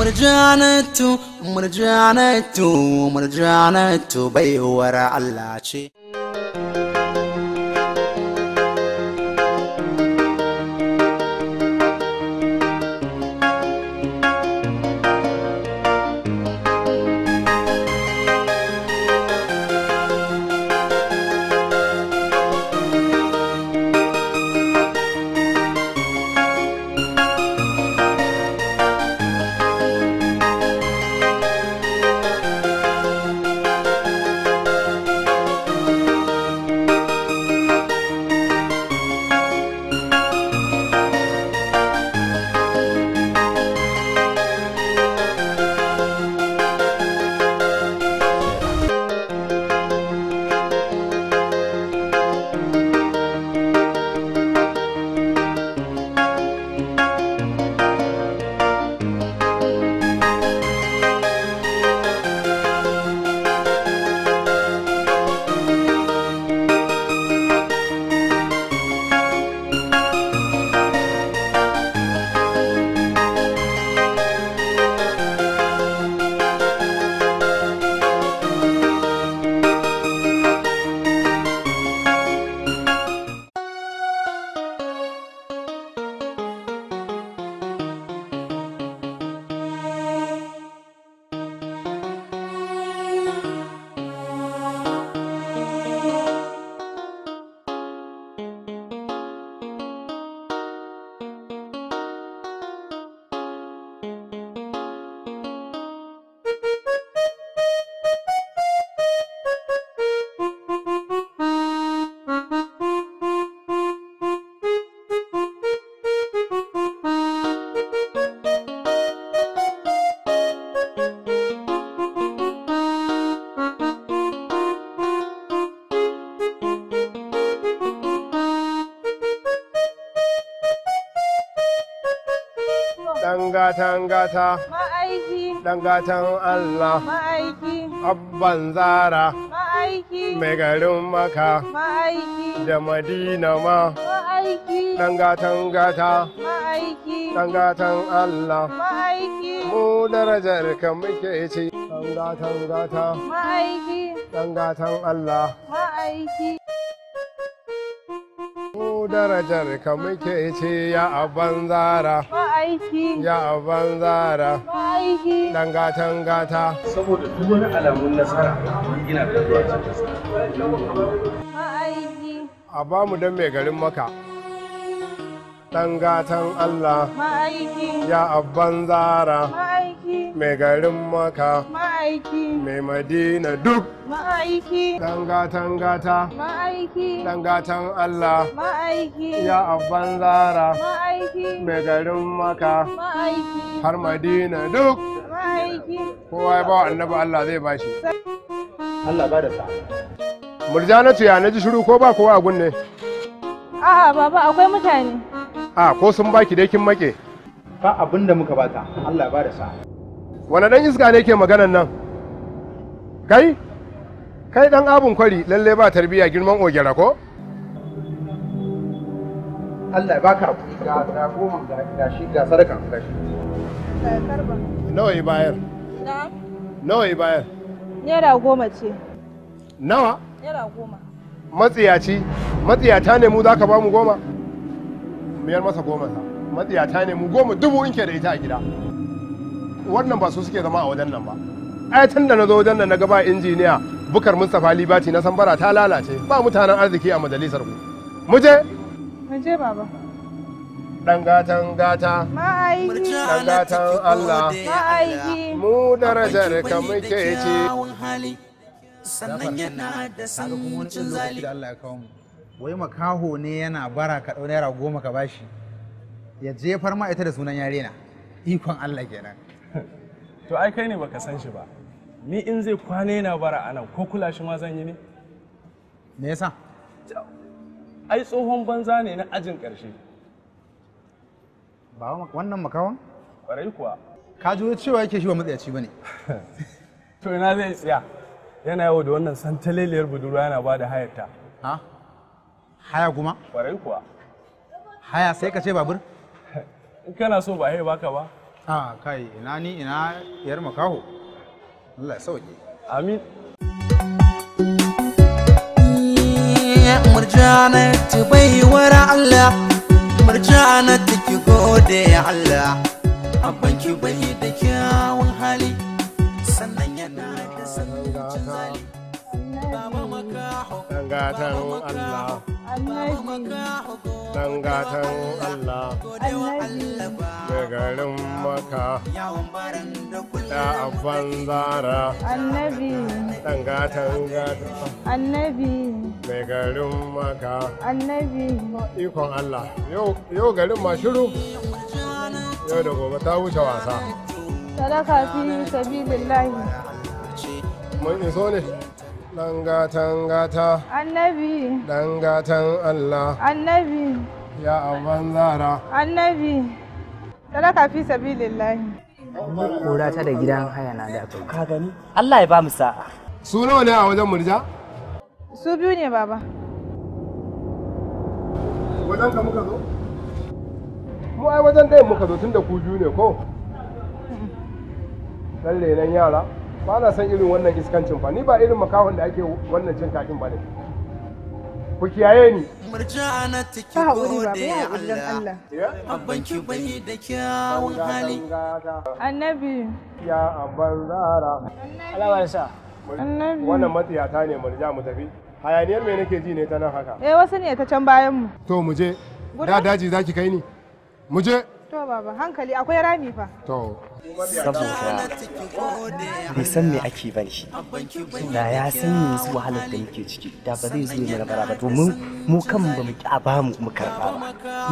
murjanatu murjanatu murjanatu baiwar Allah ce ɗan gata ma'aiki dan gatan Allah ma'aiki abban zara ma'aiki mai garin maka ma'aiki da madina ma ma'aiki ɗan gatan gata ma'aiki ɗan gatan Allah ma'aiki mu darajar ka muke ci ɗan gatan gata ma'aiki ɗan gatan Allah ma'aiki mu darajar ka muke ci ya abban zara ma'aiki aiki ya ban zara aiki dan gatan gata saboda duk wani alamun nasara ina da zuwa cikin aiki a ba mu dan mai garin maka dan gatan Allah aiki ya abban zara aiki mai garin maka aiki mai madina duk ma'aiki dan gatan gata ma'aiki dan gatan Allah ma'aiki ya abban zara ma'aiki mai garin maka ma'aiki har madina duk ma'aiki kowa ya bawa annabi Allah zai bashi Allah ba da sa tuya na ji shiru ko ba kowa a gunne a'a baba akwai mutane a ko sun baki dai kin make Ba abin da muka bata Allah ba da sa wani dan iska ne ke maganan nan kai kai dan abun kwari lalle ba tarbiya girman ogera ko Allah ya baka ga ga goma ga shi ga sarka ga shi eh, nawa yi bayar nawa yi bayar naira goma ce nawa naira goma matsiyaci matsiyata ne mu za ka ba mu goma miyar masa goma sa matsiyata ne mu goma dubu in ke da ita a gida wannan ba su suke zama a wajen nan ba ai tun da na zo wajen nan na gaba injiniya bukar mustapha libati na sambara ta lalace ba mutanen arziki a majalisar ku muje muje baba dan gatan gata ma'aiki dan gatan Allah ma'aiki mu darajar ka muke ci sannan yana da sanin zali da Allah ya kawo mu wai makaho ne yana bara ka dau naira goma ka bashi ya jefar ma ita da sunan yare na ikon Allah kenan to ai kai ne baka san shi ba ni in zai kwana yana bara anan ko kula shi ma zan yi ne me yasa ai tsohon banza ne na ajin ƙarshe ba wannan makawan Kwarai kuwa ka ji cewa yake shi ba matsayaci ba ne. to ina zai tsaya yana yawo da wannan santaleliyar budurwa yana ba da hayarta ha haya kuma kwarai kuwa haya sai ka ce babur in kana so ba hai baka ba a ah, kai ina ni ina yar makaho Allah ya sauke amin Ya murjana ta baiwar Allah murjana ta ki gode ya Allah abban ki bai da kyawun hali sannan yana da sanin zali baba makaho oh Allah Dan gatan Allah Mai garin maka Da abban zara Annabi Dan gatan gata Annabi Mai garin maka Annabi Ikon Allah Yau garin ma shiru Yau da gobe ta wuce wasa Sadaka fi sabilillahi Mun iso ne dan gatan gata annabi dan gatan Allah annabi ya abban zara annabi sadaka fi sabilillahi kura ta da gidan haya na da ka gani Allah ya ba mu sa'a su nawa ne a wajen murja su biyu ne baba wajen ka muka zo mu ai wajen ɗayan muka zo tun da ku biyu ne ko lalle nan yara ba na son irin wannan iskancin fa ni ba irin makahon da ake wannan cin kakin ba ne ku kiyaye ni murjana take gode Allah abban ki bai da kyawun hali annabi ya abban zara alawar sa annabi wannan matsiyata ne murja mu tafi hayaniyar me nake ji ne ta nan haka eh wasu ne ta can bayan mu to mu je da daji zaki kai ni mu je to baba hankali akwai rami fa to saboda bai san me ake ba shi da ya san yanzu wahalar da muke ciki da ba zai zo mana bara ba domin mu kan ba mu a ba mu mu ba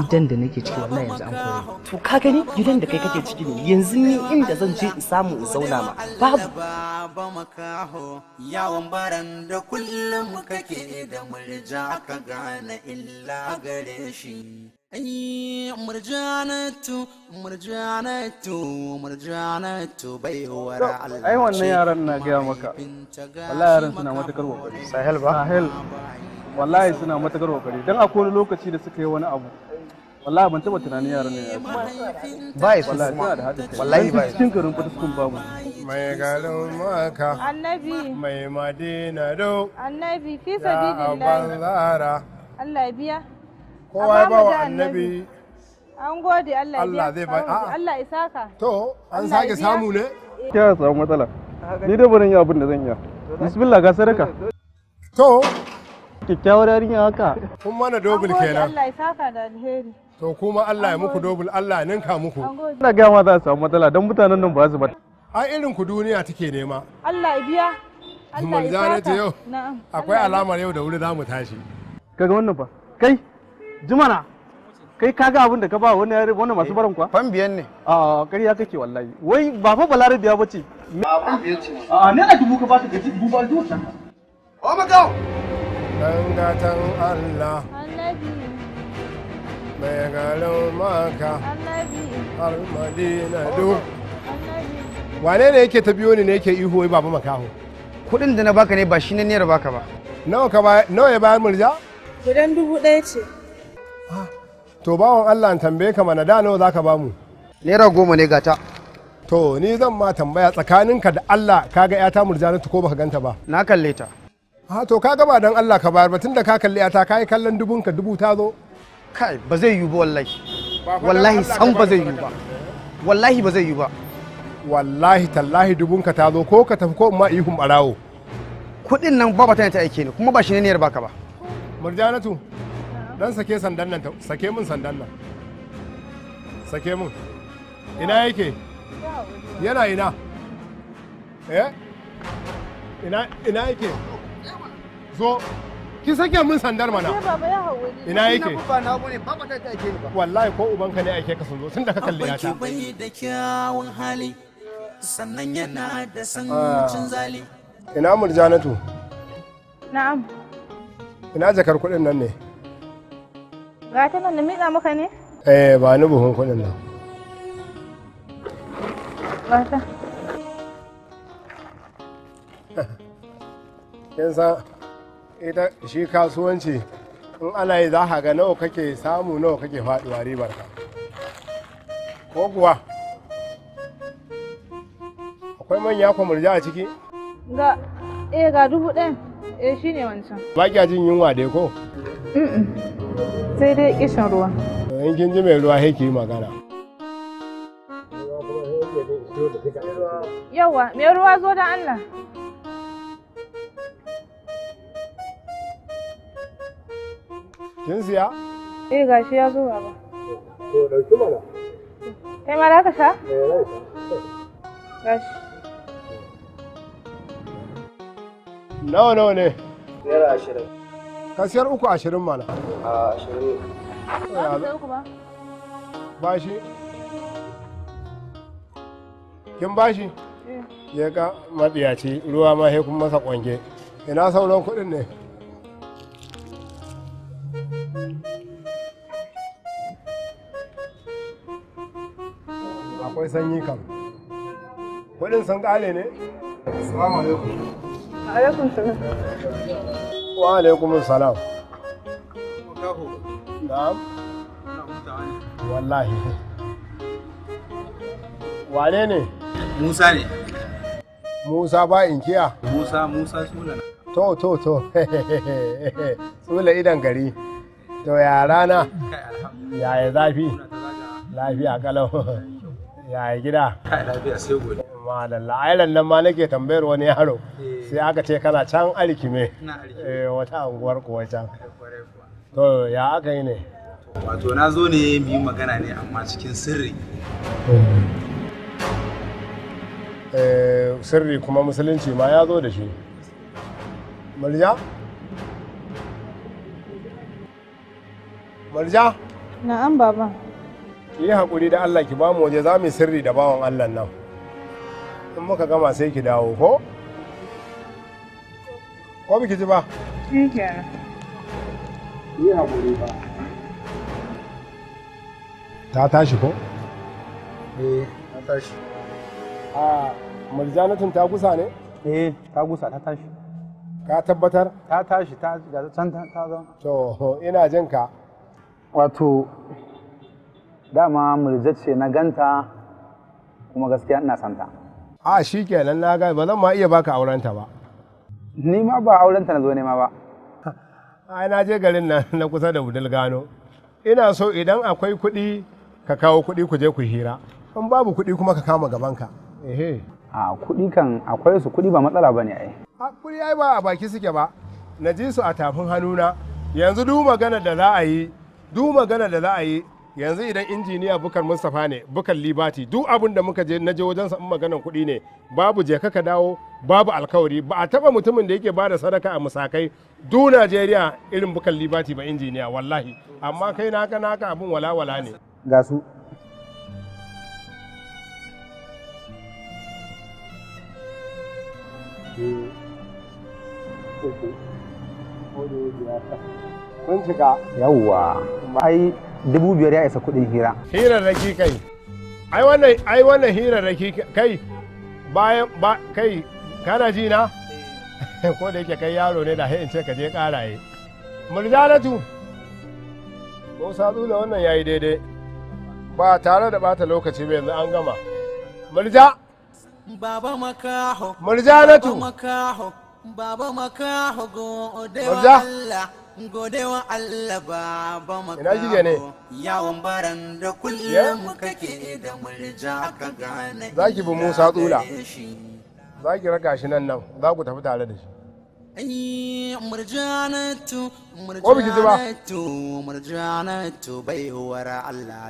gidan da nake ciki wallahi yanzu an kore to ka gani gidan da kai kake ciki ne yanzu ni inda zan je in samu in zauna ma babu yawon baran da kullum kake da murja ka gane illa gare shi ai murjanatu murjanatu murjanatu marjanatu baiwar Allah ai wannan yaran na gaya maka wallahi yaran suna matakar kokari sahel ba sahel wallahi suna matakar kokari dan akwai wani lokaci da suka yi wani abu wallahi ban taba tunanin yaran ne ba ya wallahi suna da hadin wallahi ba cikin garin ba babu mai garin maka annabi mai madina do annabi fi sabilillah Allah ya biya kowa ba wa annabi An gode Allah Allah zai bai Allah isaka. To an sake samu ne? Ya samu matsala. Ni dai barin yi abin da zan iya. Bismillah ga sadaka. To kyakkyawar yarinya haka. Kun mana dobul kenan. Allah isaka da alheri. To kuma Allah ya muku dobul Allah ninka muku. Ina ga ma za a samu matsala don mutanen nan ba su ba. Ai irin ku duniya take nema. Allah ya biya. Allah ya ta yau. Akwai alamar yau da wuri za mu tashi. Kaga wannan fa. Kai jimana. kai kaga abin da ka ba wani yare wani masu barin kwa eh, fan biyan ne a ah, ya kake wallahi wai ba fa balarabe ya ba a fan biyan ce a ah, ne na dubu ka ba ta gaji dubu ba ta o ma ga dan gatan Allah annabi mai garin maka annabi har madina oh. do wane ne yake ta biyo ni ne yake ihu wai baba makaho kuɗin da na baka ne ba shi ne ne baka ba nawa ka ba nawa ya bayar murja kudan dubu ɗaya ce to bawan allah an tambaye ka mana da nawa ka bamu naira goma ne gata to ni zan ma tambaya tsakaninka da allah kaga yata murjanatu ko baka ganta ba na kalle ta ha to kaga ba dan allah ka bayar ba tunda ka kalle yata kai kallon dubun ka dubu ta zo kai ba zai yiwu ba wallahi wallahi san ba zai yiwu ba wallahi ba zai yiwu ba wallahi tallahi dubun ka ta zo ko ka tafi ko ma ihun barawo kudin nan ba ta ta aike ni kuma ba shi ne niyyar baka ba murjanatu dan sake sandan nan sake min sandan nan sake min ina yake yana ina eh ina ina yake zo ki sake min sandar mana ina yake wallahi ko ubanka ne ake ka sun zo tun da ka kalle ya ta sannan yana da sancin ah. zali ina murjanatu na'am ina jakar kuɗin nan ne gata nan na miƙa maka ne? Eh ba ni buhun kuɗin nan. gata Kin san ita shi kasuwanci in ana yi za ka ga nawa kake samu nawa kake faɗuwa ribar ka. Ko kuwa akwai manya kwamurja a ciki? Ga eh ga dubu ɗayan eh shine wancan. Ba kya jin yunwa dai ko? sai dai kishin ruwa in kin ji mai ruwa sai ki yi magana yawwa mai ruwa zo da Allah kin siya eh gashi ya zo baba to dauki mana kai ma za ka sha gashi nawa nawa ne naira ashirin ka siyar uku ashirin mana a ashirin ba ba shi kin ba shi eh. ya ga maɗiyaci ruwa ma sai kuma masa ƙwanke ina sauran kuɗin ne akwai sanyi kan kuɗin sun ƙale ne assalamu alaikum alaikum salam wa alaikum salam wallahi wane ne ne musa ba inkiya musa musa to to to idan gari to ya rana yaya zafi lafiya kalau yaya gida lafiya sai madalla ailan nan ma nake tambayar wani yaro eh. sai aka ce kana can alkime eh, wata anguwar kuwa can eh, to ya aka yi ne wato na zo ne mu yi magana ne amma cikin sirri sirri kuma musulunci ma ya zo da shi marja marja na'am baba ki yi haƙuri da allah ki ba mu waje za mu sirri da bawan allah nan in muka gama sai ki dawo ko ko biki ji ba ba. ta tashi ko eh ta tashi a murjanatun ta gusa ne eh ta gusa ta tashi ka tabbatar ta tashi ta can ta zama to ina jin ka wato dama murjace na ganta kuma gaskiya ina santa a shi kenan na gane ba zan ma iya baka aurenta ba ni ma ba aurenta na zo nema ba ai na je garin nan na kusa da budul gano ina so idan akwai kuɗi ka kawo kuɗi ku je ku hira in babu kuɗi kuma ka kama gabanka ehe a kuɗi kan akwai su kuɗi ba matsala ba ai a kuɗi ai ba a baki suke ba na ji su a tafin hannuna yanzu duk magana da za a yi duk magana da za a yi yanzu idan injiniya bukar mustapha ne bukar libati duk abin da muka je na je wajen in maganan kuɗi ne babu je ka dawo babu alkawari ba a taba mutumin da yake bada sadaka a musakai duk najeriya irin bukar libati ba injiniya wallahi amma kai naka naka abin wala ne ga su kun yawwa dubu biyar ya isa kuɗin hira Hirar hirarraki kai ai wannan ai wannan hirarraki kai bayan ba kai kana ji na eh. ko da yake kai yaro ne da sai in ce ka je karaye Murjalatu ko sadu da wannan yayi daidai ba tare da bata lokaci ba yanzu an gama murja baba makaho Murjalatu baba makaho go Allah godewa Allah ba ba makawo ne yawon da kullum kake da murja ka gane zaki bi Musa tsula zaki raka shi nan nan za ku tafi tare da shi ko murjanatu murjanatu ba. Allah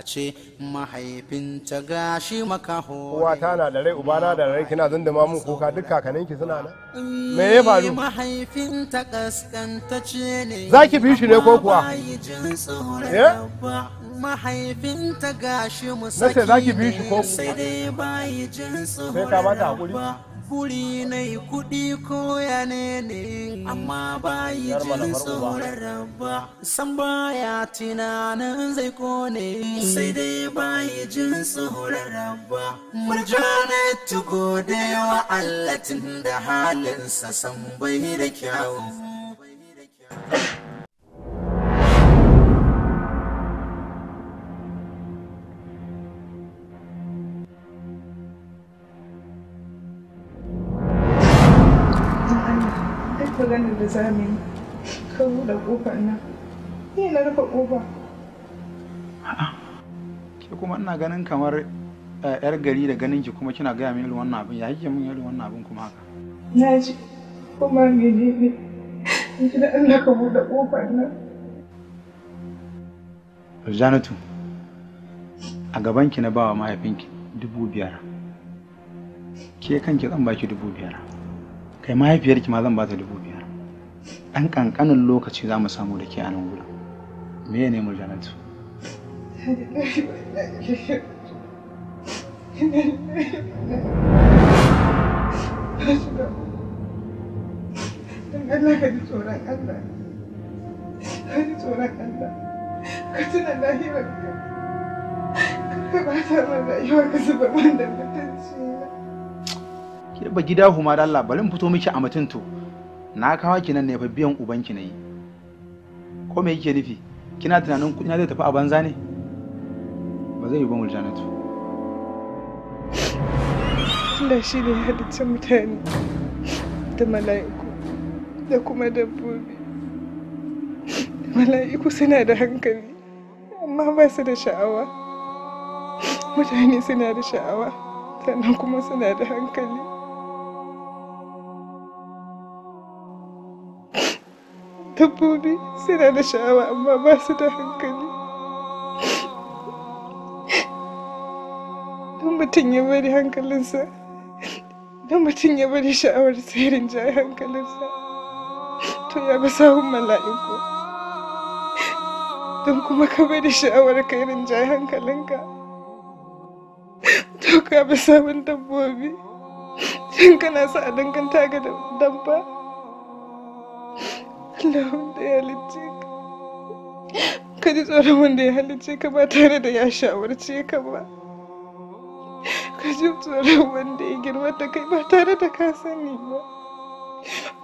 uwa ta na da rai uba na da rai kina zunduma mun kuka duk suna na. me ya faru Za ki fi shi ne ko kuwa eh? mahaifinta gashi musaki ne sai dai bayi jin tsoron ba kuri na yi kuɗi ko ya ne amma ba yi jin sauran rabba san baya tunanin zai kone sai dai ba yi jin sauran rabba murjana ta gode wa Allah tun da halinsa san bai da kyawu da yi ka buɗe ƙofar nan ni na rufe ƙofa ke kuma ina ganin kamar eh, yar gari da ganin ki kuma kina gaya min wannan abin ya kike min yi wannan abin kuma haka na ji kuma menene in ji da Allah ka buɗe ƙofar nan Janatu a gabanki na bawa mahaifinki dubu biyar ke kanki zan baki dubu biyar kai mahaifiyarki ma zan ba ta dubu biyar ɗan ƙanƙanin lokaci za mu samu da ke a nan gurin me ne mu janatu Allah ka ji Allah. Ka ji Allah. Ka tuna Ka ba ka zuba mutunci. Ke ba gida huma da Allah bari mu fito miki a mutunto. na kawo ki nan ne fa biyan uban na yi ko me yake nufi kina tunanin kuna zai tafi a banza ne ba zai yi ba janatu da shi ne halitta mutane da mala'iku da kuma dabbobi da mala'iku suna da hankali amma ba su da sha'awa mutane suna da sha'awa sannan kuma suna da hankali dabbobi suna da sha'awa amma ba su da hankali don mutum ya bari hankalinsa don mutum ya bari sha'awar tsirin jayi hankalinsa to ya bi sahun mala'iku don kuma ka bari sha'awar kairin jayi hankalinka to ka bi samun dabbobi don kana sa a danganta ga dabba Allah wanda ya halicce ka ka ji tsoron wanda ya halicce ka ba tare da ya shawarce ka ba ka ji tsoron wanda ya girma ta kai ba tare da ka sani ba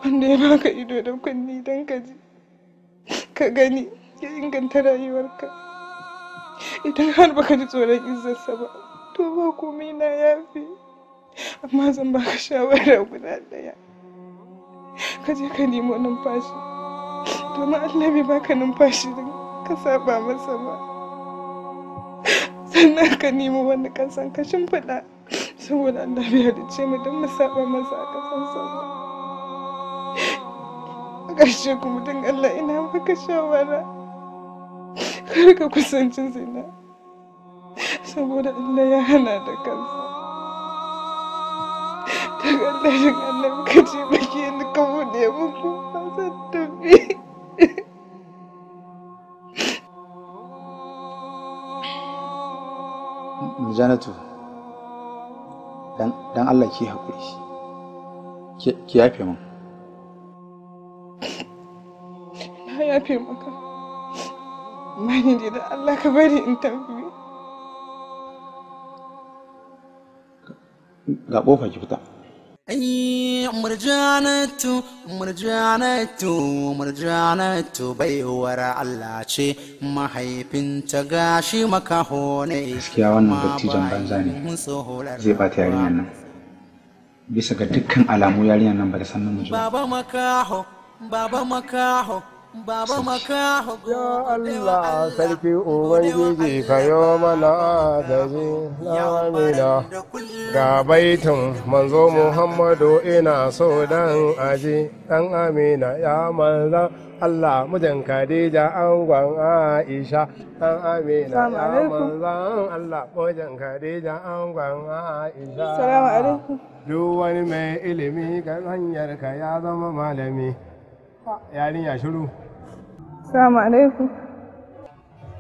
wanda ya baka ido da kunni don ka ji ka gani ya inganta rayuwarka idan har baka ji tsoron izzarsa ba to ba komai na yafi amma zan baka shawara guda ɗaya ka je ka nemo numfashi domin Allah bai baka numfashi din ka saba masa ba sannan ka nemi wani kasan ka shimfiɗa saboda Allah bai halice mu don mu saba masa a sa ba a ƙarshe kuma don Allah ina maka shawara kar ka kusanci zina saboda Allah ya hana da kansa daga Allah daga Allah ka baki ne ka bude muku ba zan tafi janatu dan allah ki haƙuri ki yafe min na yafe maka mani ne da allah ka bari in tafi ga ƙofa ki fita Ai murjanatu murjanatu murjanatu baiwar Allah ce mahaifinta gashi makaho ne gaskiya wannan dattijan banza ne zai bata yarinyar nan bisa ga dukkan alamu yarinyar nan ba da san namiji baba makaho baba makaho Baba maka Ya Allah sarki Ubangiji ka yo mana adali na amina ga baitin manzo Muhammadu ina so dan aji dan amina ya manza Allah mijin Khadija gwan Aisha dan amina ya manza Allah mijin Khadija gwan Aisha Assalamu alaikum Duk wani mai ilimi ga hanyar ka ya zama malami yarinya shiru Assalamu alaikum.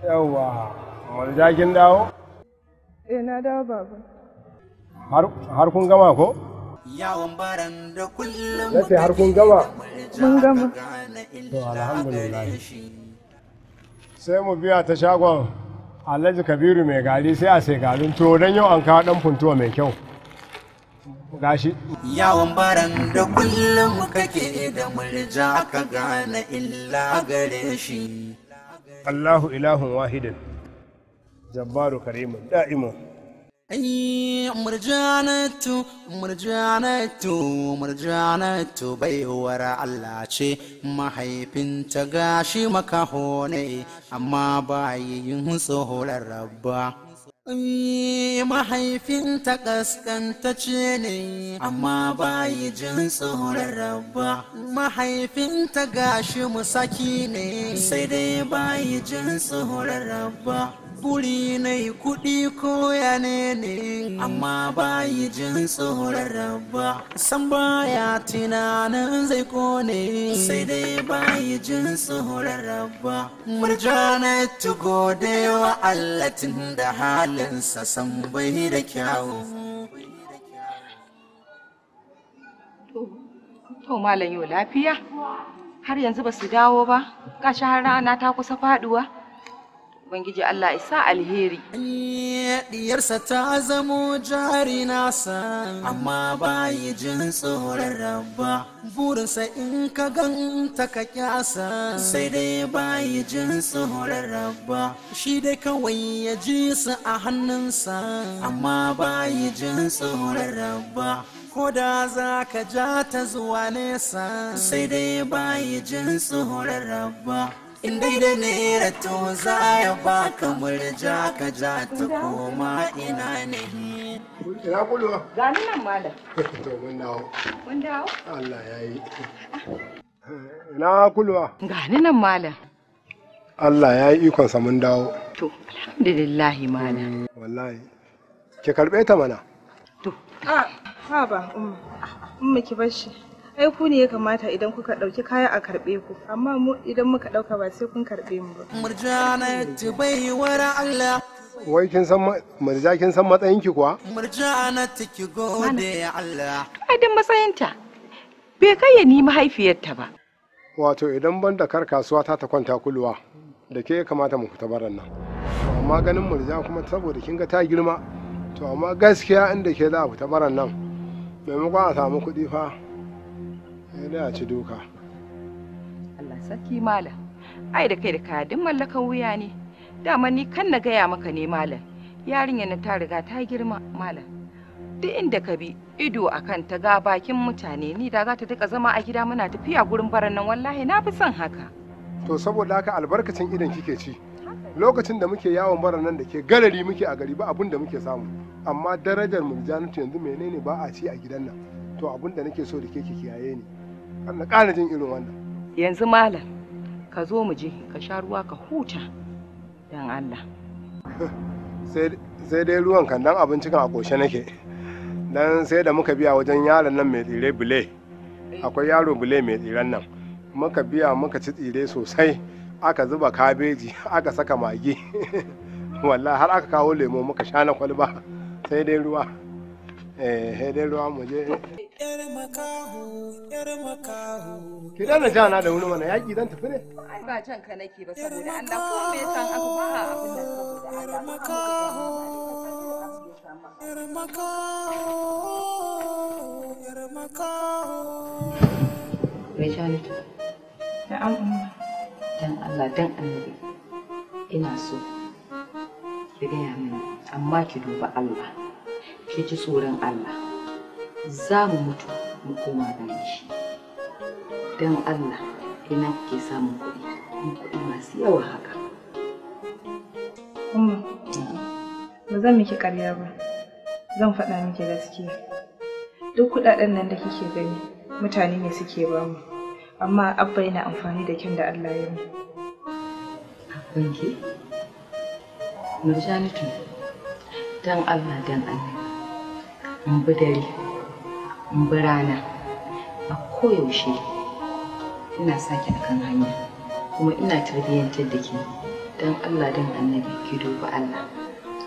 Yawwa, wani kin dawo? Eh na dawo baba. Har kun gama ko? Yawon baran da kullum. Nace har kun gama? Mun gama. To alhamdulillah. Sai mu biya ta shagon Alhaji Kabiru mai gari sai a sai garin tuwo don yau an kawo dan funtuwa mai kyau. gashi yawon baran da kullum kake da murja ka gane illa gare shi allahu ilahun wahidin jabbaru karimu da'imu ay murjanatu murjanatu murjanatu bai wara allah ce mahaifin ta gashi makahone amma bayin tsohon rabba mahaifinta ƙaskantace ne amma bayi jin tsoron rabba mahaifinta gashi musaki ne sai dai bayi jin tsoron rabba buri na yi kuɗi ko ya ne amma bayi jin tsoron rabba san baya tunanin zai kone sai dai bayi jin tsoron rabba murjana ta gode wa allatin da halinsa san bai da kyawu to malam yau lafiya har yanzu ba su dawo ba kashi har rana ta kusa faduwa ubangiji Allah ya sa alheri diyarsa ta zamo jari nasa amma bayi jin tsoron rabba burinsa in ka ganta ka kyasa sai dai bayi jin tsoron rabba shi dai kawai ya ji su a hannunsa amma bayi jin tsoron rabba da za ka ja ta zuwa nesa sai dai bayi jin tsoron rabba in dai da naira to za ya baka murja ka ja ta koma ina ne ina kulwa ga ni nan mala to mun dawo mun dawo Allah yayi ah. ina kulwa ga ni nan mala Allah ya yi ikonsa mun dawo to alhamdulillah mala wallahi ki karbe ta mana to a ah, ha ba umma umma ki bar shi ai ku ne ya kamata idan kuka ɗauki kaya a karɓe ku amma mu idan muka ɗauka ba sai kun karbe mu ba murjana wara Allah wai kin san murja kin san matsayin ki kuwa murjana ki gode Allah ai dan matsayinta bai kai ya ni mahaifiyarta ba wato idan ban da kar kasuwa ta ta kwanta kulwa da ke ya kamata mu fita baran nan amma ganin murja kuma saboda kin ga ta girma to amma gaskiya inda ke za a fita baran nan maimakon a samu kuɗi fa dai ci doka Allah sarki malam ai da kai da kaya duk mallakan wuya ne dama ni kan na gaya maka ne malam yarinyar na ta riga ta girma malam duk inda ka bi ido a kan ta ga bakin mutane ni da za ta duka zama a gida muna tafiya gurin baran nan wallahi na fi son haka to saboda haka albarkacin idan kike ci lokacin da muke yawon baran nan da ke galari muke a gari ba abun da muke samu amma darajar janatu yanzu menene ba a ci a gidan nan to abun da nake so da ke kiyaye ni na ƙara jin irin wannan yanzu malam ka zo mu je ka sha ruwa ka huta don Allah sai dai ruwan kan dan abinci kan a koshe nake dan sai da muka biya wajen yaron nan mai tsire bule akwai yaro bule mai tsiren nan muka biya muka ci tsire sosai aka zuba kabeji aka saka magi wallahi har aka kawo lemo muka sha na kwalba sai dai ruwa eh sai dai ruwa mu je Yar makaho, yar na Ki dana da wuri mana yaƙi zan tafi ne? Ai ba can ka nake ba saboda Allah ko me san abu ba abin da saboda Allah. Allah. Dan Allah, dan Annabi. Ina so. Ki gaya mini, amma ki duba Allah. Ki ji tsoron Allah. za mu mutu mu koma bayan shi don allah ina kuke samun kuɗi mu kuɗi masu yawa haka kuma ba zan miki ƙarya ba zan faɗa miki gaskiya duk kuɗaɗen nan da kike gani mutane ne suke ba mu amma abba yana amfani da kyan da allah ya mu abbanki Nurjanitu, don allah don allah mu bi dare birana a koyaushe ina sake a kan hanya kuma ina tarbiyyantar da ke don allah don annabi ki duba allah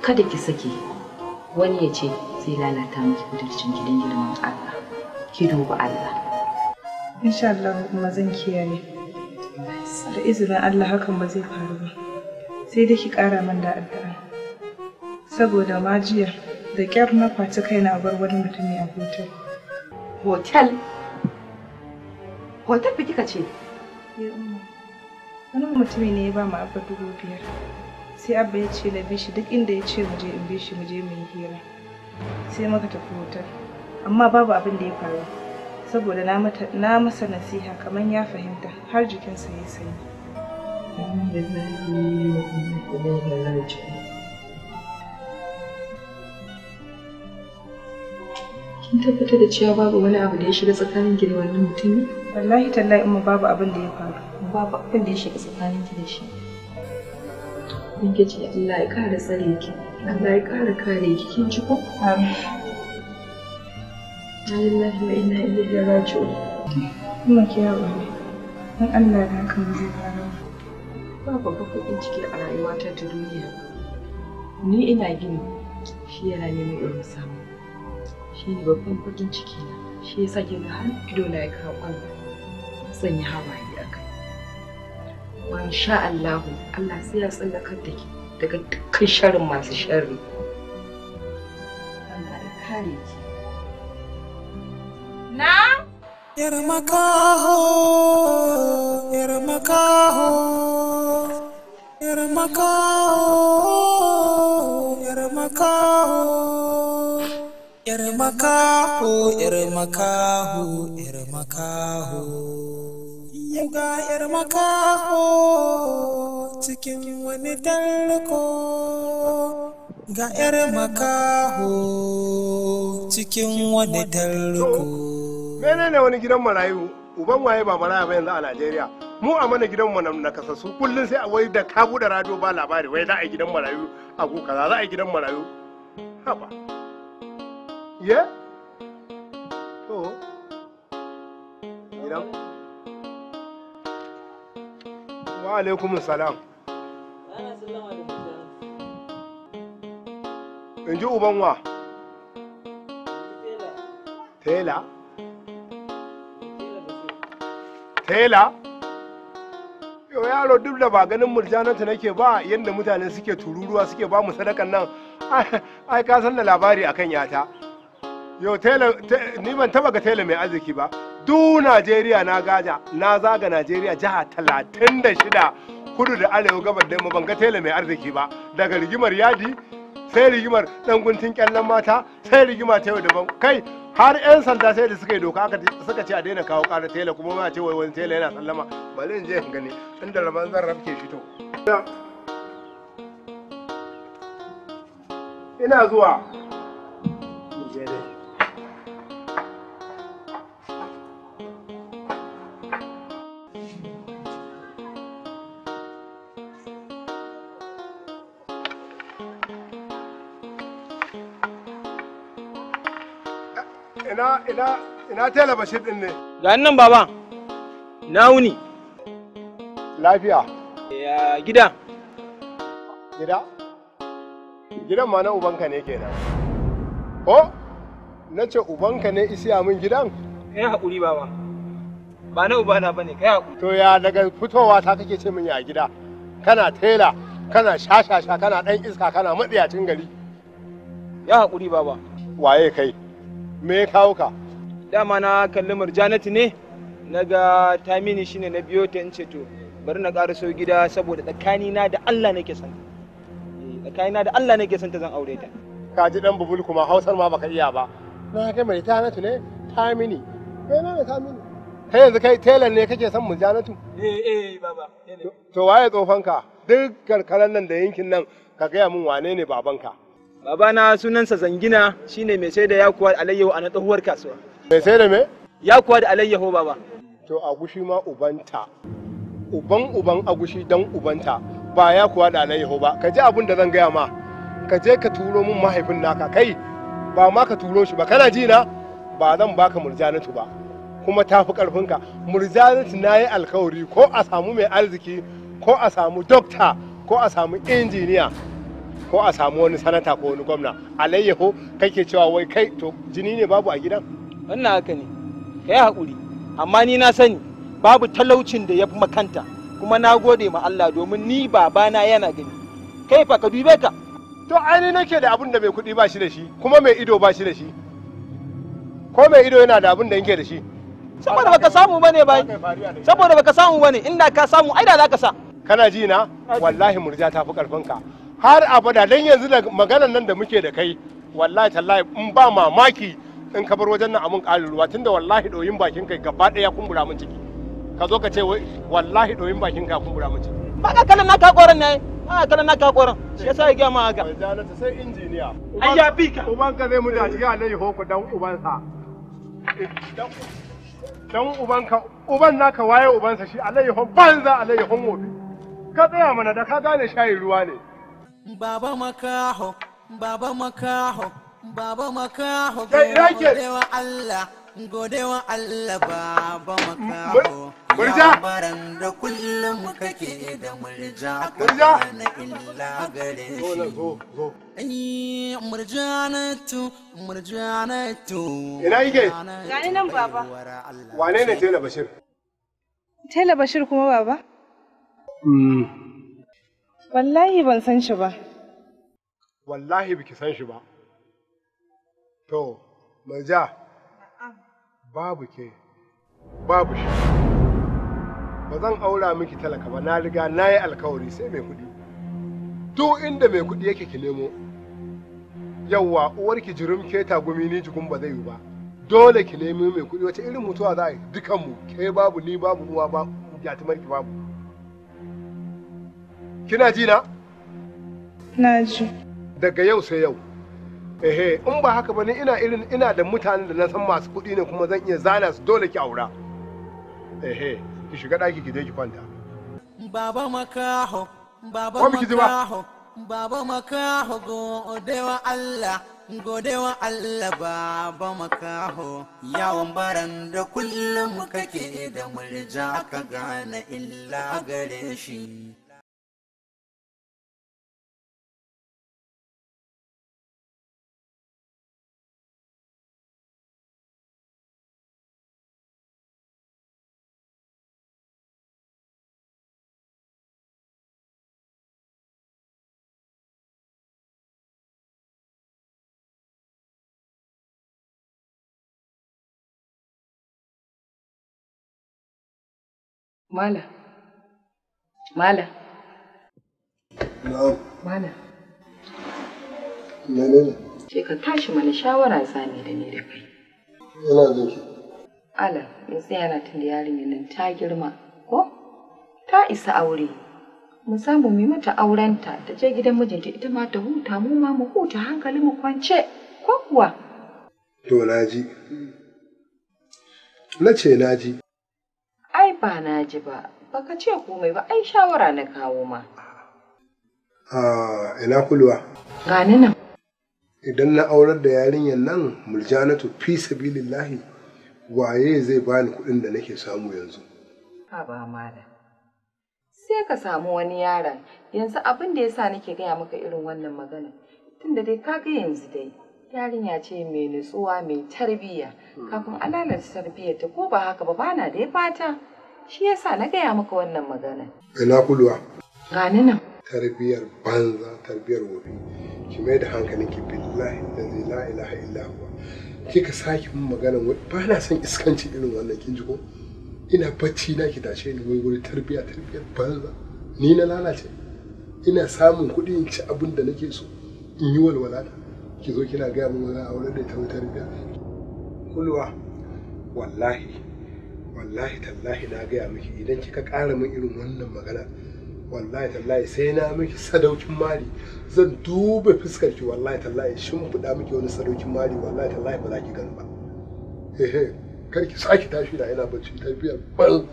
kada ki sake wani ya ce zai lalata miki budurcin gidan girman allah ki duba allah insha allah kuma zan kiyaye da izinin allah hakan ba zai faru ba sai da ki kara min da addu'a saboda majiya da kyar na kwaci kaina a bar wani mutumi a hotel hotel hotel fi kika ce wani mutumi ne ya ba mu abba dubu biyar sai abba ya ce na bi shi duk inda ya ce muje, je in bi shi mu je yi hira sai muka tafi hotel amma babu abin da ya faru saboda na masa nasiha kamar ya fahimta har jikinsa ya sanyi. Kin tabbatar da cewa babu wani abu da ya shiga tsakanin ki da wannan mutumin? Wallahi tallahi umma babu abin da ya faru. Babu abin da ya shiga tsakanin ki da shi. Kin ke ce Allah ya kara tsare ki. Allah ya kara kare ki kin ji ko? Amin. ya ina inna da rajo Kuma ki yawo ne. Dan Allah ya kan zai fara. Ba babba kuɗin ciki a rayuwata ta duniya. Ni ina gini shi yana neman irin samu. shine babban farin ciki na shi yasa ke ga har ido na ya kawo ƙwallo san yi hawaye a kai ban sha Allah Allah sai ya tsallakar da ke daga dukkan sharrin masu sharri Allah ya kare ki na yar makaho yar makaho yar makaho yar makaho makahu yar makaho yar makaho cikin wani tarko ga yar cikin wani tarko menene wani gidan marayu uban waye ba maraya ba yanzu a Najeriya mu a mana gidan mu na kasasu kullun sai a wai da ka bude radio ba labari wai za a gidan marayu a kaza za a gidan marayu haba Yeah? To. Idan. Wa alaikum salam. In ji uban wa? Tela. Tela? Yau yaro duk da ba ganin murjananta nake ba yadda mutane suke tururuwa suke ba mu sadakan nan ai ka san da labari akan yata. Yo tela ni ban taba ga tela mai arziki ba. Du Najeriya na gaja na zaga Najeriya jiha talatin da shida kudu da arewa gabar da ban ga tela mai arziki ba daga rigimar yadi sai rigimar dan guntun kyallan mata sai rigima ta yau daban kai har 'yan sanda sai da suka yi doka aka suka ce a daina kawo ƙara tela kuma ma ce wai wani tela yana sallama bari in je in gani inda rabon zan rafke shi to ina zuwa ina ina ina tela bashir din ne ga nan baba na wuni lafiya ya gida gida gidan ma na ubanka ne kenan oh na ce ubanka ne isiya min gidan kai hakuri baba ba na ubana bane kai hakuri to ya daga fitowa ta kake ce min ya gida kana tela kana shashasha kana ɗan iska kana matsiyacin gari ya hakuri baba waye kai me ya kawo ka dama na kalli murjanatu ne na ga tamini shine na biyo ta in ce to bari na sau gida saboda tsakanina da Allah nake son eh, na da Allah nake son ta zan aure ta ka ji dan bubul kuma hausar ma baka iya ba na kai mai tanatu ne tamini menene tamini kai yanzu kai telan ne kake son murjanatu eh eh baba eh to waye tsofanka duk karkaran nan da yankin nan ka gaya min wane ne babanka babana sunansa zangina shine mai sai da yakuwa alayyahu a na tsohuwar kasuwa mai sai da me yakuwa da alayyahu baba to agushi ma ubanta uban uban agushi don ubanta ba yakuwa da alayyahu ba ka ji abin da zan gaya ma ka je ka turo min mahaifin naka kai ba ma ka turo shi ba kana ji na ba zan baka murjanatu ba kuma ta tafi karfinka murjanatu na yi alkawari ko a samu mai arziki ko a samu dokta ko a samu injiniya ko a samu wani sanata ko wani gwamna alayyaho kake cewa wai kai to jini ne babu a gidan wannan haka ne ka yi haƙuri amma ni na sani babu talaucin da ya fi makanta kuma na gode ma Allah domin ni babana yana gani kai fa ka dube ka to aini nake da abin da mai kuɗi ba shi da shi kuma mai ido ba shi da shi ko mai ido yana da abin da yake da shi saboda baka samu bane bai saboda baka samu bane inda ka samu ai da zaka sa kana ji na wallahi murja ta fi karfin ka har abada dan yanzu da maganan nan da muke da kai wallahi tallahi in ba mamaki in ka bar wajen nan a ƙarin ruwa tunda wallahi ɗoyin bakin kai gaba ɗaya kumbura mun ciki ka zo ka ce wallahi ɗoyin bakin ka kumbura mun ciki ba ka kana naka koran ne ba ka kana naka koran shi yasa ya gaya ma haka jalata sai injiniya ai ya bi ka uban ka zai mu da shi alai hoku dan uban sa dan uban ka uban naka waye uban sa shi alai hon banza alai hon wofi ka tsaya mana da ka gane shayi ruwa ne baba makaho baba makaho baba makaho godewa Allah godewa Allah baba makaho murja baran da kullum kake da murja murja na illa gare shi murjanatu ina yake gani nan baba wane ne tela bashir tela bashir kuma baba hmm. Wallahi ban san shi ba. Wallahi biki san shi ba. To, manja. Babu ke, babu shi. Ba zan aura miki talaka ba, na riga na yi alkawari sai mai kuɗi. Duk inda mai kuɗi yake ki nemo. Yawwa, uwarki jirim ke tagumi ni jikun ba zai yi ba. Dole ki nemi mai kuɗi wace irin mutuwa za a yi dukanmu, ke babu ni babu uwa ba, yatimarki babu. Kina ji na? Na ji. Daga yau sai yau. Ehe, in ba haka ba ni ina irin ina da mutanen da na san masu kuɗi ne kuma zan iya zana su dole ki aura. Ehe, ki shiga ɗaki ki je ki kwanta. Baba makaho, baba makaho, baba makaho godewa Allah, godewa Allah baba makaho. Yawon baran da kullum kake da murja ka gane illa gare shi. Mala. Mala. Na'am. Mala. Menene? Ce ka tashi mana shawara zane da ni da kai. Yana da shi. Ala, yanzu yana tun yarinya nan ta girma, ko? Ta isa aure. Mu samu mu mata aurenta ta je gidan mijinta ita ma ta huta mu ma mu huta hankali mu kwance, ko kuwa? To na ji. Na ce na ji. ai ba na ji ba, baka ce komai ba, ai shawara na kawo ma. A ina kulwa? Gani nan. Idan na aurar da yarinyar nan muljanatu fi sabilillahi waye zai bani kuɗin da nake samu yanzu. Ha ba mala. Sai ka samu wani yaron yanzu abin da ya yasa nake gaya maka irin wannan magana tunda dai kaga yanzu dai yarinya ce mai nutsuwa mai tarbiyya hmm. kafin a lalata tarbiyyarta ko ba haka ba bana da ya fata. Shi yasa na gaya maka wannan magana. Ina kuluwa. Gani nan. Tarbiyar banza, tarbiyar wofi. Ki mai da hankalin ki billahi la ilaha illa huwa. Kika sake min magana ba na son iskanci irin wannan kin ji ko? Ina bacci na ki tashe ni wai wuri tarbiya tarbiyar banza. Ni na lalace. Ina samun kuɗi in ci abin da nake so. In yi walwala ki zo kina gaya min wani aure da ita wutar biya. Kulwa wallahi wallahi tallahi na gaya miki idan kika ƙara min irin wannan magana wallahi tallahi sai na miki sadaukin mari zan duba fuskar ki wallahi tallahi shin fuda miki wani sadaukin mari wallahi tallahi ba za ki gani ba ehe kar ki saki tashi da ina bacci tarbiyar ban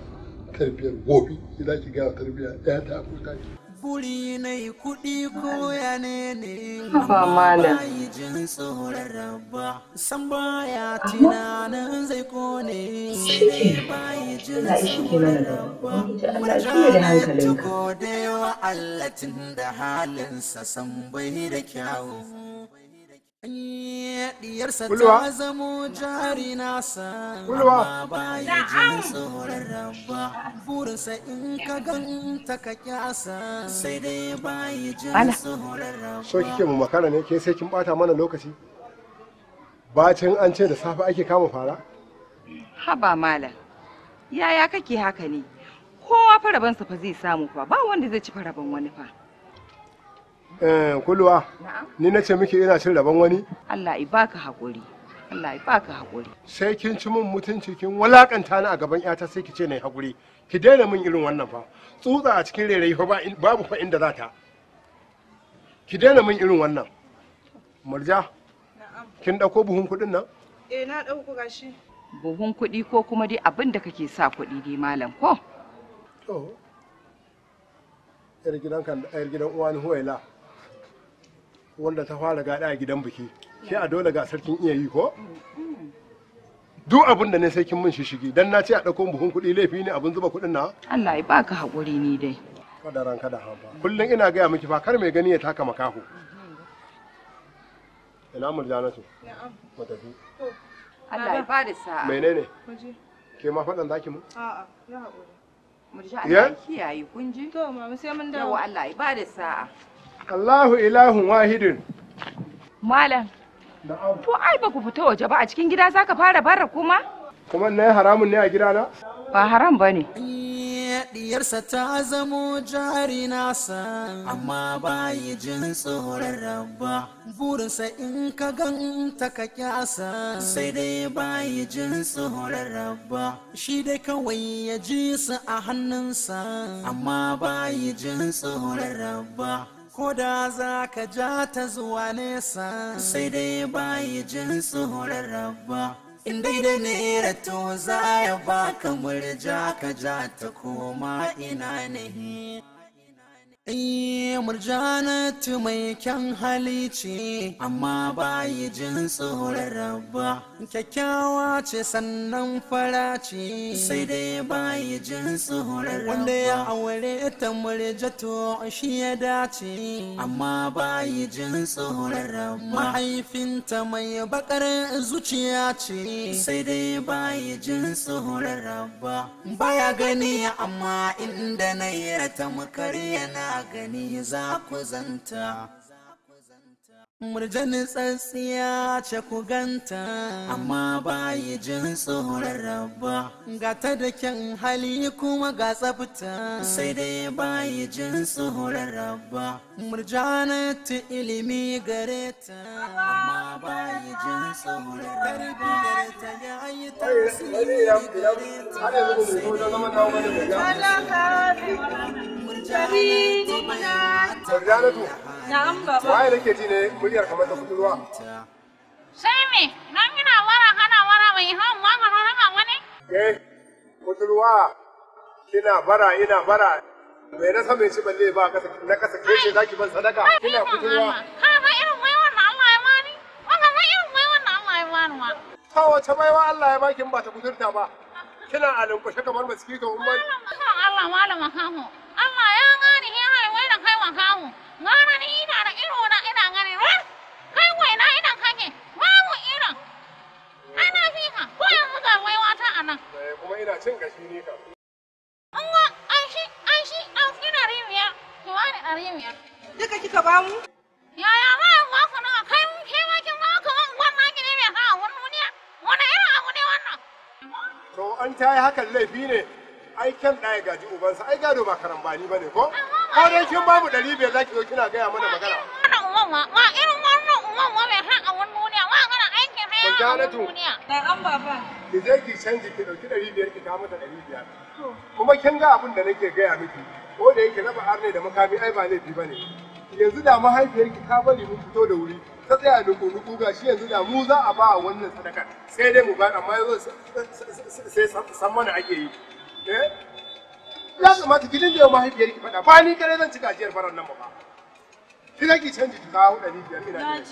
tarbiyar gobe idan ki ga tarbiyar ɗaya ta ko taki kuskuri na yi kuɗi ko ya ne jin tsoron rabba san baya tunanin zai kone ne bayi jin tsoron rabba murjana ta godewa allatin da halinsa san bai da kyawu diyarsa ta zamo jari nasa in ka sai so kike mu makara ne ke sai kin bata mana lokaci bacin an ce da safe ake kama fara haba malam yaya kake haka ne kowa farabansa fa zai samu fa ba wanda zai ci faraban wani fa Eh, kulwa ni na ce miki ina cin rabon wani Allah i baka hakuri Allah i baka hakuri sai kin ci mun mutunci kin walakanta ni a gaban yata sai ki ce ne hakuri ki daina min irin wannan fa tsutsa a cikin rairayi fa babu fa inda za ta ki daina min irin wannan murja kin dauko buhun kudin nan eh na dauko gashi buhun kudi ko kuma dai abin da kake sa kudi dai malam ko to yar gidan kan yar gidan uwani huwaila wanda ta fara gada a gidan biki sai a dole gasar kin iya yi ko duk abin da ne sai kin mun shishigi dan na ce a dauko buhun kuɗi laifi ne abin zuba kuɗin na Allah ya baka hakuri ni dai kada ran kada hafa kullun ina gaya miki fa kar mai gani ya taka makaho ina mun jana murjanatu na'am matafi Allah ya fara sa'a menene ke ma fadan zaki mu a'a ya haƙuri murja Allah kiyaye kun ji to mama sai mun dawo Allah ya bada sa'a Allahu ilahun wahidin. Malam. To ai ba ku fita waje ba a cikin gida za ka fara bara kuma? Kuma na haramun ne a gidana? Ba haram ba ne. Diyarsa ta zamo jari nasa, amma ba yi jin tsoron rabba. Burinsa in ka gan ta ka kyasa, sai dai ba yi jin tsoron rabba. Shi dai kawai ya ji su a hannunsa, amma ba yi jin tsoron rabba. koda za ka ja ta zuwa nesa sai dai bayi jin tsohorar rabba in dai da nera to za ya baka murja ka ja ta koma ina nahi Eh, murjanatu mai kyan hali ce amma bayi jin tsoron rabba kyakkyawa ce sannan fara ce sai dai bayi jin tsoron rabba wanda ya aure ta murjato shi ya dace amma bayi jin tsoron rabba mahaifinta mai bakar zuciya ce sai dai bayi jin tsoron rabba baya gani amma inda na yi ta makar yana gani za ku zanta murjanin tsantsiya ce ku ganta amma bayi jin tsoron rabba ga ta da kyan hali kuma ga tsafta sai dai bayi jin tsoron rabba murjanatu ilimi gare ta amma bayi jin tsoron rabba ta ya yi tasiri gare ta sai dai rabba. Sarjanatu. Na'am baba. Waye nake ji ne muryar kamar ta kudin ruwa? Sai me? Nan ina wara kana wara mai hawan maganin na raka wani? Eh, kudin ruwa. Ina bara ina bara. Me na samun shi balle ba na kasa kai ce zaki ban sadaka. Ina kudin ruwa. Ka ga irin waiwar na Allah ya bani? Wannan ga irin waiwar na Allah ya bani wa. Ta wace baiwa Allah ya baki ba ta kudurta ba. Kina a lankwashe kamar maskito in ba. Allah malama kaho. makawo ngana ni ina da iro na ina gani ran kai waina ina kake babu iro ana fi ka ko yanzu ga wai wata a nan eh, kuma ina cin gashi ne ka Allah an shi an shi an tsina rimiya ki wani a rimiya duka kika ba mu yaya ma in ba ku na kai mu ke ma kin ba ku man wannan ki ne mai ka wani duniya wani irin abu ne wannan to an tayi hakan laifi ne ai kan ɗaya gaji ubansa ai gado ba karambani ba ne ko? Amma ko dai kin ba mu ɗari biyar za ki zo kina gaya mana magana. Wannan uwan wa irin wannan uwan wa bai ha a wani duniya wa kana aikin haya a wani duniya. Da an baba. Ki je ki canji ki ɗauki ɗari biyar ki kawo mata ɗari biyar. Kuma kin ga abin da nake gaya miki ko da yake raba arne da makami ai ba laifi ba ne. Yanzu da mahaifiyarki ta bari mu fito da wuri ta tsaya nuku nuku ga shi yanzu da mu za a ba a wannan sadakar sai dai mu ba amma yanzu sai san mana ake yi. Eh? ya kamata ki da yau mahaifiyar ki faɗa ba ni kare zan ci gajiyar farar nan ba ba ki zaki canji ki kawo ɗari biyar ina ne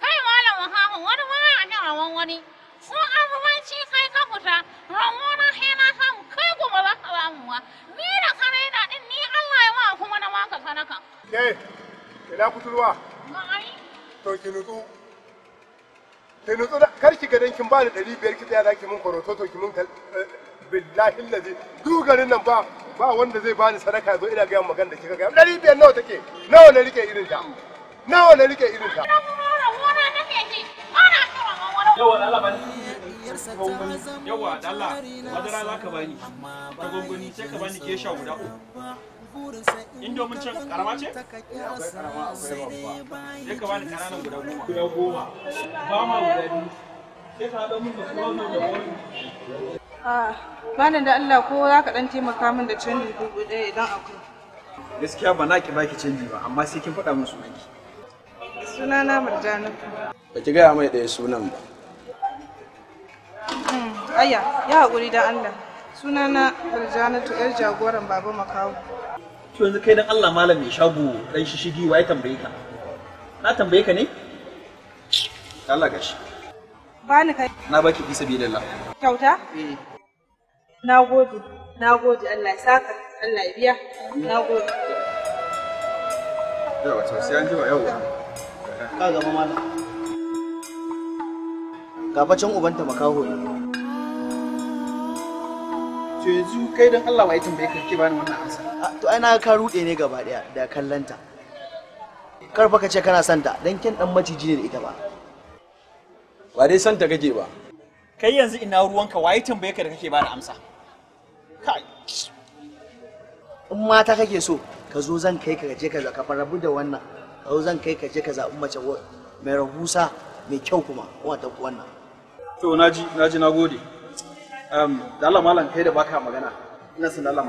kai malam wahahu wani wani a yi rawan wani ko abubanci kai ka fita ramona hena samu kai kuma ba ka ba mu ni da kare da din ni Allah ya ma kuma na maka sanaka ke ina kuturwa ba ai to ki nutsu ta nutsu da kar ki gadan kin bani ɗari biyar ki tsaya ki mun korototo ki mun eh, billahi lazi duk garin nan ba ba wanda zai bani sadaka zo ina ga magana da kika ga ɗari biyar nawa take nawa na rike irin ta nawa na rike irin ta yawa da Allah yawa da Allah madara za ka bani ta gwangwani sai ka bani ke sha guda uku indomin can karama ce? ya ka bani kananan guda goma guda goma ba ma guda biyu sai ka ah, da Allah ko za ka ɗan taimaka min da canjin dubu ɗaya idan akwai. Gaskiya ba na ki baki canji ba amma sai kin faɗa min sunanki. Sunana Murjani. Ba ki gaya mai ɗaya sunan ba. Hmm, Aya, ya haƙuri da Allah. sunana barjanatu yar jagoran baba makawu to yanzu kai dan Allah malam mai shago dan shishigi ya tambaye ka na tambaye ka ne Allah gashi ba ni kai na baki fi sabilillah kyauta eh na gode na gode Allah ya saka Allah ya biya na gode yawa to sai an ji yawa ka mama malam bacin ubanta makaho ne to yanzu kai don Allah wa ya tambaye ka ke bani wannan ansa to ai na ka rude ne gaba daya da kallanta kar fa ka ce kana santa dan kin dan maciji ne da ita ba ba dai santa kake ba kai yanzu ina ruwanka waye tambaye ka da kake bani amsa kai in mata kake so ka zo zan kai ka je ka ka rabu da wannan ka zo zan kai ka je ka zaɓi mace mai rahusa mai kyau kuma wata wannan to naji naji nagode Um, da Allah malam kai da baka magana ina Allah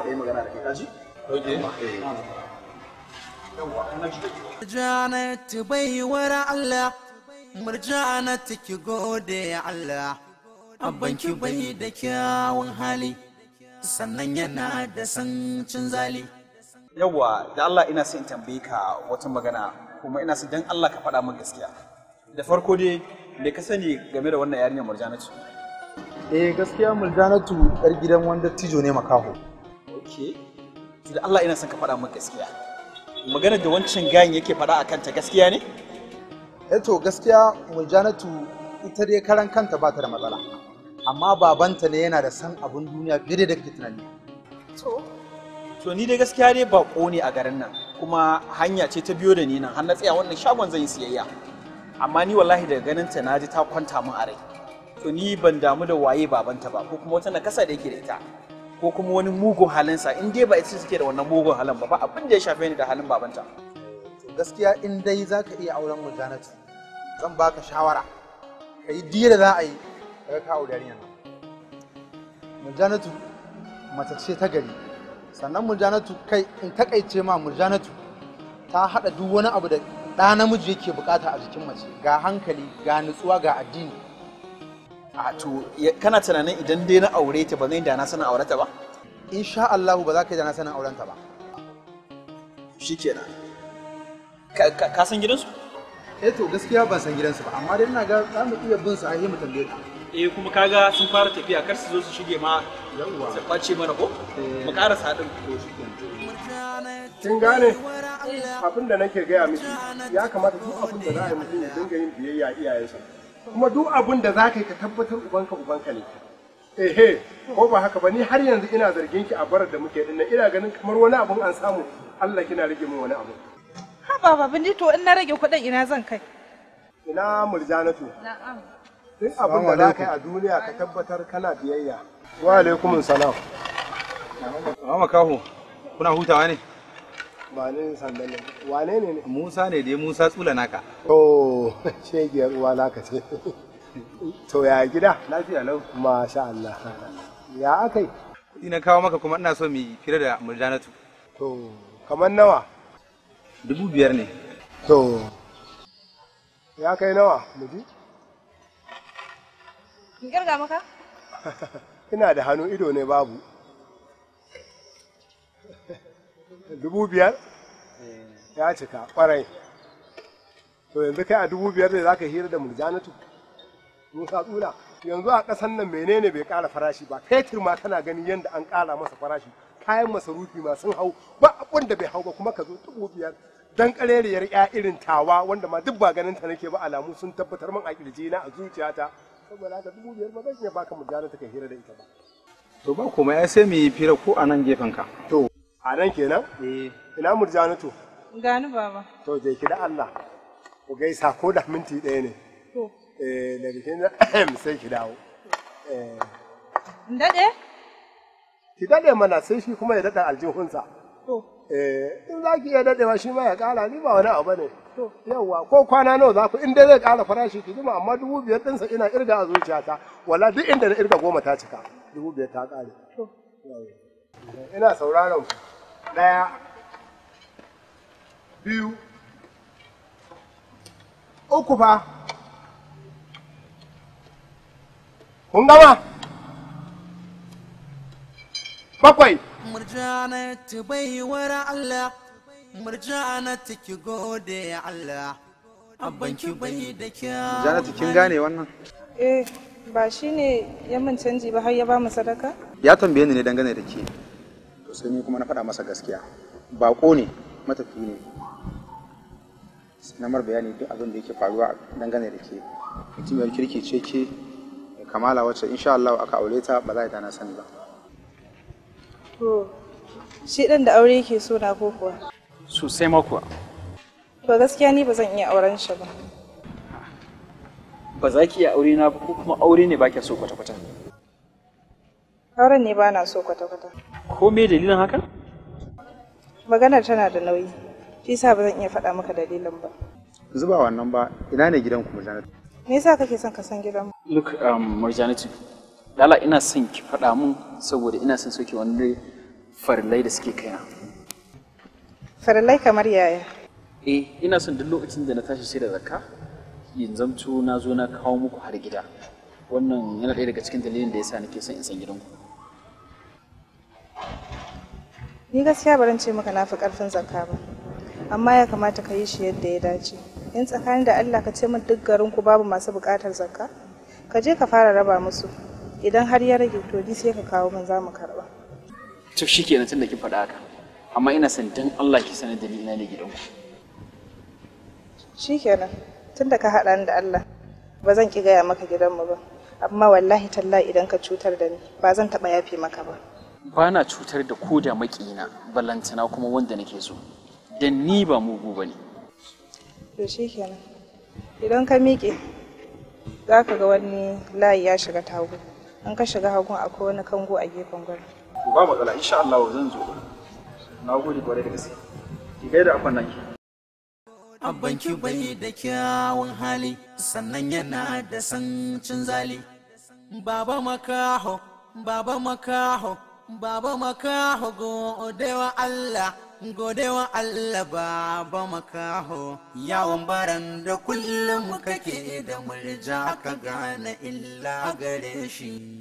Yawwa da Allah ina son in tambaye ka wata magana kuma ina son dan Allah ka faɗa min gaskiya da farko dai me ka sani game da wannan yarinyar Murjanatu eh gaskiya Mul'janatu yar gidan wanda tijo ne makaho okay to da Allah ina son ka faɗa min gaskiya maganar da wancan gayin yake faɗa akan ta gaskiya ne eh to gaskiya Mul'janatu ita dai karan kanta ba ta da matsala amma babanta ne yana da san abun duniya fiye da kake tunani to to ni dai gaskiya dai bako ne a garin nan kuma hanya ce ta biyo da ni nan har na tsaya wannan shagon zan yi siyayya amma ni wallahi daga ganin ta naji ta kwanta min a rai to ni ban damu da waye babanta ba ko kuma wata nakasa da yake da ita ko kuma wani mugun halinsa in dai ba ita suke da wannan mugun halin ba ba abin da ya shafe ni da halin babanta gaskiya in dai za ka iya auren mujanatu zan baka shawara ka yi diya da za a yi daga ka aure yarinyar nan mujanatu mace ce ta gari sannan mujanatu kai in takaice ma mujanatu ta haɗa duk wani abu da ɗa namiji yake bukata a jikin mace ga hankali ga nutsuwa ga addini a to kana tunanin idan dai na aure ta ba zan da na sanin aurenta ba insha Allah ba za ka da na sanin aurenta ba shikenan ka san gidansu eh to gaskiya ban san gidansu ba amma dai ina ga za mu iya bin su a mu tambaye ka eh kuma kaga sun fara tafiya kar su zo su shige ma su kwace mana ko eh. mu ƙara sadin ko kin gane abin da nake gaya miki ya kamata duk abin da za a yi mutum ya dinga yin biyayya iyayensa kuma duk abin da za ka yi ka tabbatar ubanka ubanka ne ehe ko ba haka ba ni har yanzu ina zargin ki a barar da muke dinnan ina ganin kamar wani abun an samu Allah kina rage min wani abu ha ba ba bindi to in na rage kuɗin ina zan kai ina murjanatu na'am duk abin da za ka yi a duniya ka tabbatar kana biyayya wa alaikumun salam Mama kuna hutawa ne ba ne sandalin wane ne ne musa ne dai musa tsula naka to shegiyar uwa naka ce to ya gida lafiya lau masha Allah ya akai kuɗi na kawo maka kuma ina so mu yi fira da murjanatu to kamar nawa dubu biyar ne to ya kai nawa muji in kirga maka ina da hannu ido ne babu dubu biyar ya cika kwarai to yanzu kai a dubu biyar ne za ka hira da murjanatu musa tsula yanzu a ƙasan nan menene bai ƙara farashi ba fetur ma kana ganin yadda an ƙara masa farashi kayan masarufi ma sun hau ba abun da bai hau ba kuma ka zo dubu biyar dan ƙareriyar ya irin tawa wanda ma duk ba ganin ta nake ba alamu sun tabbatar min a kirji na a zuciyata saboda haka dubu biyar ba zan iya baka murjanatu ka hira da ita ba to ba kuma ya sai mu yi fira ko a nan gefen ka to A nan kenan? Eh. Ina murjani to? Gani baba. To je ki da Allah. Ku gaisa ko da minti ɗaya ne. To. Eh da kin sai ki dawo. Eh. Daɗe? Ki daɗe mana sai shi kuma ya daɗa aljihunsa. To. Eh in za ki iya daɗewa shi ma ya ƙara ni ba wani abu ne. To. Yawwa ko kwana nawa za ku in dai zai ƙara farashi ki jima amma dubu biyar ɗinsa ina irga a zuciyata. Wala duk inda na irga goma ta cika. Dubu biyar ta ƙare. To. Ina sauraron ku. ɗaya biyu uku fa kun gama bakwai murjana ta baiwar Allah murjana ta ki gode ya Allah abban ki bai da kya. murjana ta kin gane wannan eh ba shine ya mun canji ba har ya ba mu sadaka ya tambaye ni ne dangane da ke sosai sai ni kuma na faɗa masa gaskiya baƙo ne matafi ne na mar bayani duk abin da yake faruwa dangane da ke mutumiyar kirki ce ke kamala wacce insha Allah aka aure ta ba za ta na sani ba to shi ɗan da aure yake so na ko kuwa sosai ma kuwa to gaskiya ni ba zan iya auren shi ba ba za ki iya aure na ba ko kuma aure ne ba ke so kwata-kwata Auren ne ba na so kwata-kwata. Ko me dalilin haka? Maganar tana da nauyi. Shi sa ba zan iya faɗa maka dalilin ba. Zuba wannan ba, ina ne gidan ku Murjanatu? Me yasa kake son ka san gidan mu? Look, um, Murjanatu, lala ina son ki faɗa mun saboda ina son soke wani farilai da suke kaina. Farilai kamar yaya? Eh, ina son duk lokacin da na tashi sai da zakka, yin zamto na zo na kawo muku har gida. Wannan yana ɗaya daga cikin dalilin da yasa nake son in san gidanku. Ni gaskiya baran ce maka na fi ƙarfin zakka ba, amma ya kamata ka yi shi yadda ya dace. In tsakanin da Allah ka ce min duk garin ku babu masu buƙatar zakka, ka je ka fara raba musu. Idan har ya rage to ni sai ka kawo min za mu karɓa. To tun da ki faɗa haka. Amma ina son dan Allah ki sanar da ni ina ne gidanku. Shikenan tunda ka haɗa ni da Allah ba zan ki gaya maka gidanmu ba. amma wallahi talla idan ka cutar da ni ba zan taɓa yafe maka ba. ba na cutar da ko da makina balantana kuma wanda nake so don ni ba mugu ba ne to shi kenan idan ka miƙe za ka ga wani layi ya shiga tagu an ka shiga hagun akwai wani kango a gefen gurin ba matsala insha Allah zan zo na gode kwarai da gaske ki gaida a nan ki ki bai da kyawun hali sannan yana da sancin zali baba makaho baba makaho Baba makaho godewa Allah, godewa Allah baba makaho, yawon baran da kullum kake da murja ka gane illa gare shi.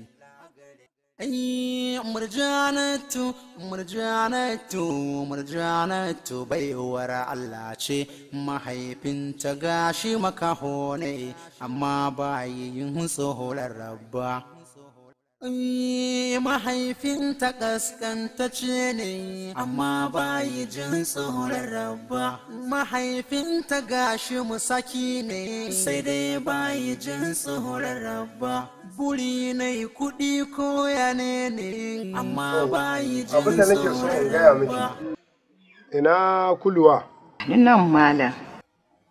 Ai, murjanatu, murjanatu, murjanatu wara, Allah ce, mahaifinta gashi makaho ne, amma bayi yin tsoholar rabba. mahaifinta ƙaskantace ne amma bayi jin tsoron rabba mahaifinta gashi musaki ne sai dai bayi jin tsoron rabba buri na yi kuɗi ko yane ne amma bayi jin tsoron rabba ina kuluwa nan malam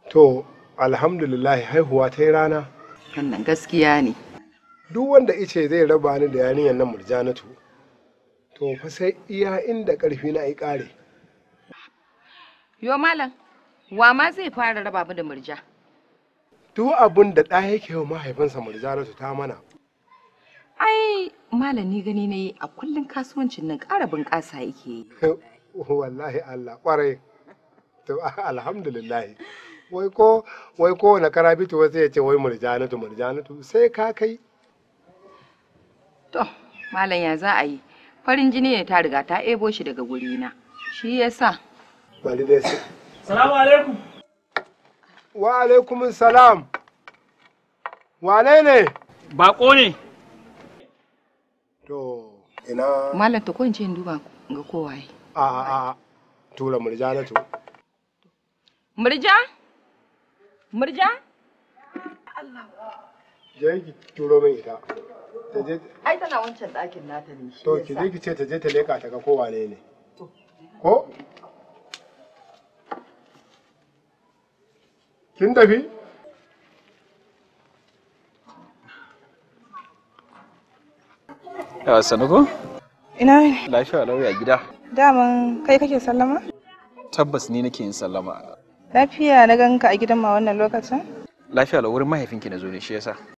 to alhamdulillah haihuwa ta yi rana wannan gaskiya ne duk wanda ice zai raba ni da yarinyar nan murjanatu to fa sai iya inda ƙarfi na yi ƙare yo malam wa ma zai fara raba mu da murja duk abin da ɗa yake wa mahaifinsa murjanatu ta mana ai malam ni gani ne a kullun kasuwancin nan ƙara bunƙasa yake yi wallahi Allah ƙwarai to alhamdulillah wai ko wai ko na karabitu wai sai ya ce wai murjanatu murjanatu sai ka kai To, malam ya za a yi? Farin jini ne ta riga ta ebo shi daga gurina. Shi ya sa. Bari sai. Salamu alaikum. Wa alaikum salam. Wane ne? Bako ne. To, ina. Malam ta ko in duba ga kowa yi. A a a. Tura murja na to. Murja? Murja? Allah. Je turo min ita. ta je ai tana wancan ɗakin nata ne shi to ki je ki ce ta je ta leka ta ga ko wane ne ko kin tafi Ya Yawa ko? Ina ne? Lafiya lauya gida. Daman kai kake sallama? Tabbas ni nake yin sallama. Lafiya na ganka a gidan ma wannan lokacin? Lafiya lau wurin mahaifinki na zo ne shi yasa.